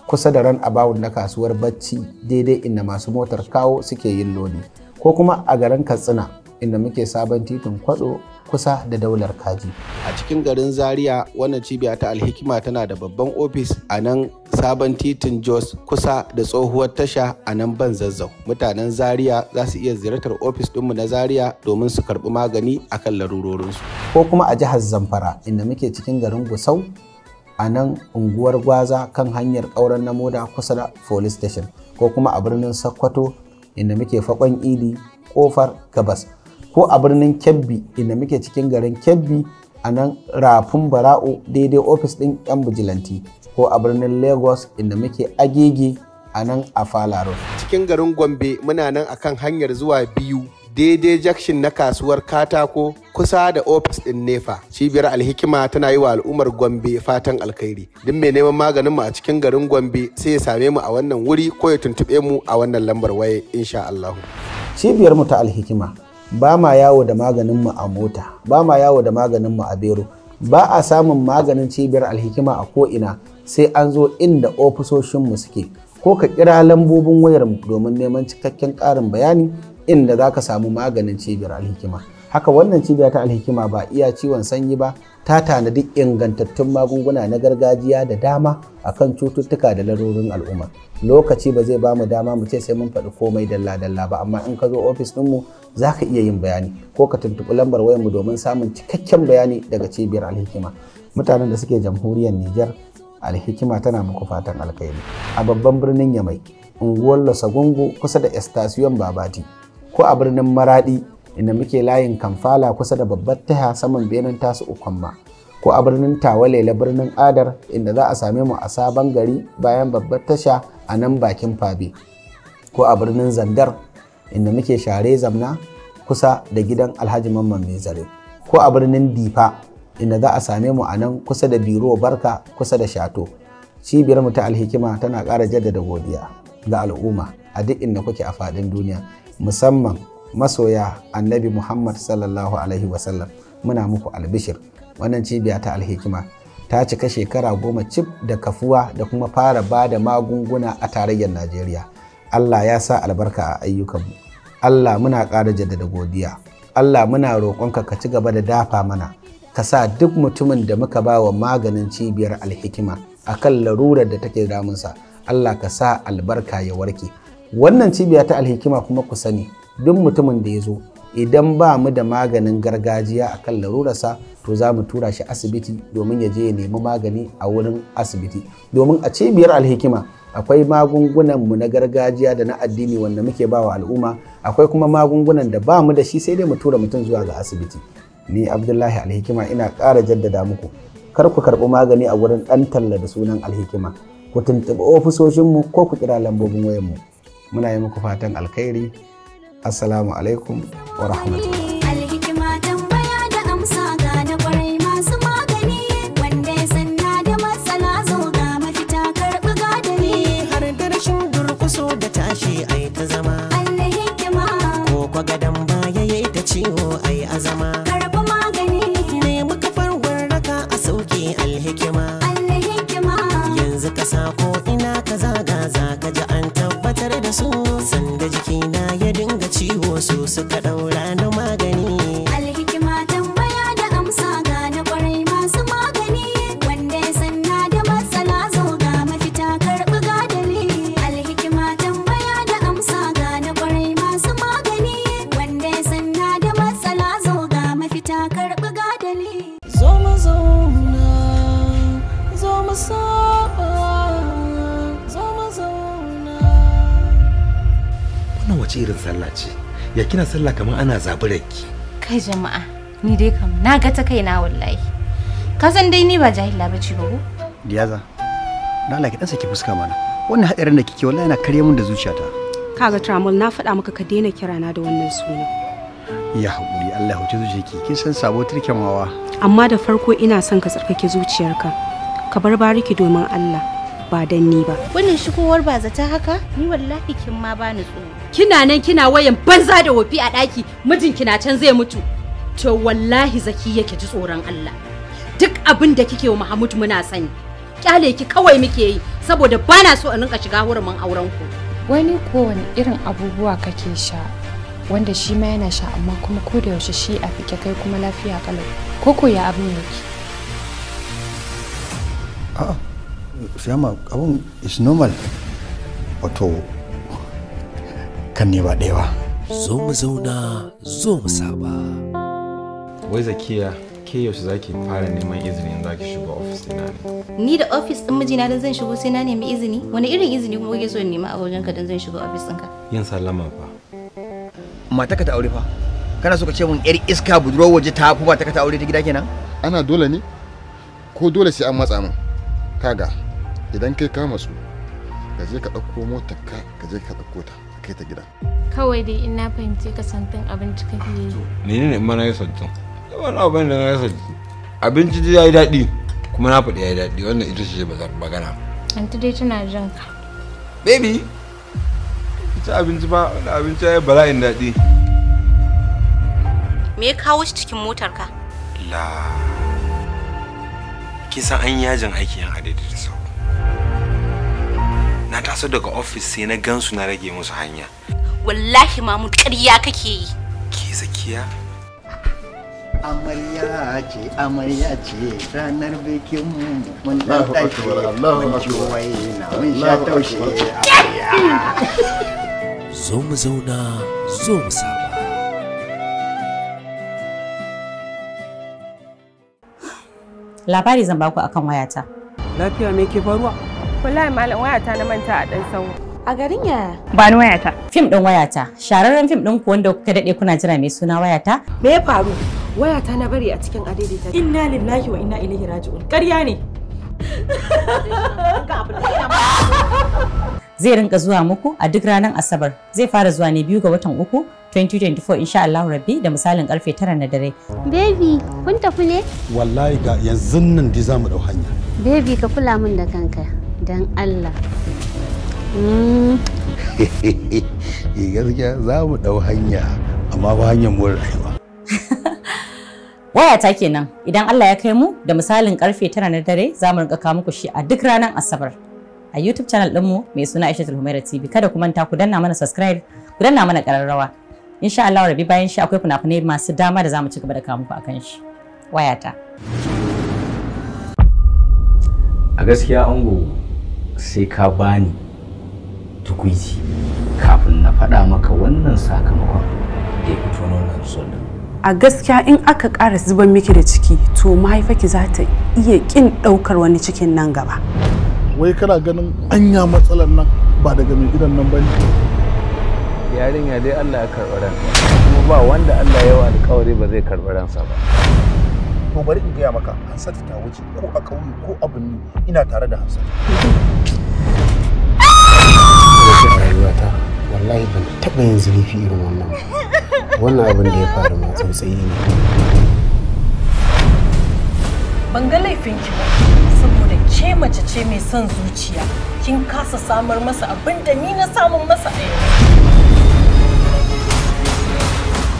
kusa da ran abawun na kasuwar bacci daidai inda masu motar kawo suke yin lodi ko kuma a garin katsina inda muke sabon titin kwatso kusa da daular kaji. A cikin garin Zaria wannan cibiya ta alhikima tana da babban ofis a nan sabon titin Jos kusa da tsohuwar tasha a nan ban zazzau. Mutanen Zaria za su iya ziyartar ofis ɗinmu na Zaria domin su karɓi magani a kan larurorinsu. Ko kuma a jihar Zamfara inda muke cikin garin Gusau a nan unguwar Gwaza kan hanyar ƙauren na moda kusa da police station ko kuma a birnin Sokoto inda muke faƙon idi "Ƙofar gabas. ko a birnin kebbi inda muke cikin garin kebbi a nan rafin bara'u daidai ofis ɗin 'yan bijilanti ko a birnin lagos inda muke agege a nan a falaro cikin garin gombe muna nan akan hanyar zuwa biyu daidai jakshin na kasuwar katako kusa da ofis ɗin nefa cibiyar alhikima tana yi wa al'ummar gombe fatan alkhairi duk mai neman maganin mu a cikin garin gombe sai ya same mu a wannan wuri ko ya tuntuɓe mu a wannan lambar waye insha Allah cibiyar mu ta alhikima ba ma yawo da maganinmu a mota ba ma yawo da maganin mu a bero ba a samun maganin cibiyar alhikima a ko'ina sai an zo inda ofisoshinmu suke ko ka kira lambobin wayar domin neman cikakken ƙarin bayani inda za ka samu maganin cibiyar alhikima haka wannan cibiya ta alhikima ba iya ciwon sanyi ba ta tanadi ingantattun magunguna na gargajiya da dama a kan cututtuka da larurin al'umma lokaci ba zai ba mu dama mu ce sai mun faɗi komai dalla-dalla ba amma in ka zo ofis ɗinmu za ka iya yin bayani ko ka tuntuɓi lambar wayanmu domin samun cikakken bayani daga cibiyar alhikima mutanen da suke jamhuriyar Nijar alhikima tana muku fatan alkhairi a babban birnin Yamai unguwar Lasagungu kusa da Estasiyon Babati ko a birnin Maradi inda muke layin Kamfala kusa da babbar taya saman benin tasu Ukwamma ko a birnin Tawalela birnin Adar inda za a same mu a sabon gari bayan babbar tasha a nan bakin Fabe ko a birnin Zandar inda muke share zamna kusa da gidan Alhaji Mamman Mai Zare ko a birnin Difa inda za a same mu a nan kusa da biro barka kusa da shato cibiyar mu ta alhikima tana ƙara jaddada godiya ga al'umma a duk inda kuke a faɗin duniya musamman masoya annabi muhammad sallallahu alaihi wasallam muna muku albishir wannan cibiya ta alhikima ta cika shekara goma cif da kafuwa da kuma fara ba da magunguna a tarayyar najeriya allah ya sa albarka a ayyukanmu allah muna ƙara jaddada godiya allah muna roƙonka ka ci gaba da dafa mana ka sa duk mutumin da muka ba wa maganin cibiyar alhikima a kan larurar da take damunsa allah ka sa albarka ya warke wannan cibiya ta alhikima kuma ku sani duk mutumin da ya zo idan ba mu da maganin gargajiya a kan larurarsa to za mu tura shi asibiti domin ya je ya nemi magani a wurin asibiti domin a cibiyar alhikima akwai magungunan mu na gargajiya da na addini wanda muke ba wa al'umma akwai kuma magungunan da ba mu da shi sai dai mu tura mutum zuwa ga asibiti ni abdullahi alhikima ina ƙara jaddada muku kar ku karɓi magani a wurin ɗan talla da sunan alhikima ku tuntuɓi ofisoshinmu ko ku kira lambobin wayarmu muna yi muku fatan alkhairi السلام عليكم ورحمه الله Wanda jikina ya dinga ciwo su suka ɗaura na magani ya kina sallah kamar ana ki kai jama'a ni dai kam na ga ta kaina wallahi ka san dai ni ba jahila bace ba ko diyaza na Allah ki dan saki fuska mana wannan hadarin da kike wallahi yana karya mun da zuciyata kaga tramol na faɗa maka ka daina na da wannan suna ya hakuri Allah ya huce zuciyarki kin san sabo turkemawa amma da farko ina son ka tsarkake zuciyarka ka bar bariki domin Allah ba dan ni ba wannan shigowar ba zata haka ni wallahi kin ma bani tsoro kina nan kina wayan banza da wofi a ɗaki, mijinki na can zai mutu to wallahi zaki yake ji tsoron Allah duk abin da kike wa Muhammadu muna sani kyale ki kawai muke yi saboda bana so in rinka shiga hurumin auren ku wani kowane irin abubuwa kake sha wanda shi ma yana sha amma kuma ko da yaushe shi a fike kai kuma lafiya kalau ko ya abin yake a'a siyama abun is normal wato kan ne ba ɗaya ba zo mu zauna zo mu saba wai zakiya ke yaushe za ki fara neman izini in za ki shiga ofis ɗina ne ni da ofis ɗin mijina don zan shigo sai na nemi izini wani irin izini kuma kake so in nema a wajenka don zan shiga ofis ɗinka yin sallama fa mataka ta aure fa kana so ka ce mun yar iska budurwar waje ta fi mataka ta aure ta gida kenan ana dole ne ko dole sai an matsa min kaga idan kai kama su ka je ka ɗauko motar ka ka je ka ɗauko ta ka kai ta gida kawai dai ina na fahimce ka santin abinci ka fiye yi ne ne ma na yi santin wani abin da na yi santin abinci dai ya yi daɗi kuma na faɗi ya yi daɗi wannan ita ce magana anti dai tana jin ka baby ita abinci ba wani abinci ya yi bala'in daɗi me ya kawo shi cikin motar ka la kisan an yajin aiki yan adadi da sau na taso daga ofis sai na gansu na rage musu hanya wallahi mamu ƙarya kake yi ke zakiya amarya ce amarya ce ranar bikin mu mun dan tashi mun ci na mun sha taushe zo mu zauna zo mu sa labari zan baku akan wayata lafiya me ke faruwa wallahi malam wayata na manta a dan sauro a garin yaya ba ni wayata fim din wayata shararren fim din ku wanda kuka dade kuna jira mai suna wayata me ya faru wayata na bari a cikin adaidaita inna lillahi wa inna ilaihi raji'un ƙarya ne zai rinka zuwa muku a duk ranar asabar zai fara zuwa ne biyu ga watan uku 2024 insha Allah rabbi da misalin karfe 9 na dare baby kun tafi ne wallahi ga yanzu nan di mu dau hanya baby ka kula min da kanka don allah hmm. (laughs) eh, gaskiya za mu ɗau hanya amma ba hanyar mu rayuwa (laughs) wayata kenan idan allah ya kai mu da misalin karfe tara na dare za mu rinka kawo muku shi a duk ranar asabar a youtube channel ɗinmu mai suna aisha tulhumaira tv kada ku manta ku danna mana subscribe ku danna mana ƙararrawa insha allah rabi bayan shi akwai fina-finai masu dama da za mu ci gaba da kawo muku akan shi wayata a gaskiya ango sai ka bani tukuici kafin na faɗa maka wannan sakamakon da ya fito nonon a gaskiya in aka ƙara zuban miki da ciki to mahaifaki za ta iya ƙin ɗaukar wani cikin nan gaba wai kana ganin anya matsalar nan ba daga mai gidan nan ba ne yarinya dai allah ya karɓi ransa kuma ba wanda allah ya wa alƙawari ba zai karɓi ransa ba to bari in gaya maka hansatu ta wuce ko a ƙauye ko a birni ina tare da hansatu rayuwata wallahi ban taɓa yin zurfi irin wannan wannan abin da ya faru ma tsautsayi ne ban ga laifinki ba saboda ke mace ce mai son zuciya kin kasa samar masa abin da ni na samun masa a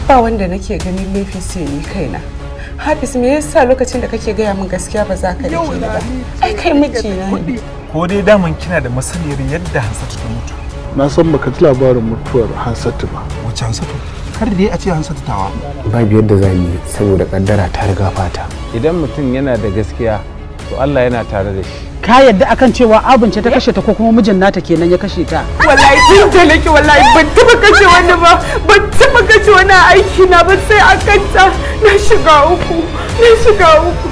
ba wanda nake ganin laifin sai ni kaina Hafiz me yasa lokacin da kake gaya min gaskiya ba za ka yi ba? Ai kai mijina ne. Ko dai daman kina da masaniyar yadda Hansatu ta mutu. Na san baka ji labarin mutuwar Hansatu ba. Wace Hansatu? Kar da ya ce Hansatu tawa. Babu yadda za yi saboda kaddara ta riga fata. Idan mutum yana da gaskiya to Allah yana tare da shi ka yadda akan cewa abince ta kashe ta ko kuma mijin nata kenan ya kashe ta wallahi tun da nake wallahi ban taba kashe wani ba ban taba kashe wani aiki na ba sai akan ta na shiga uku na shiga uku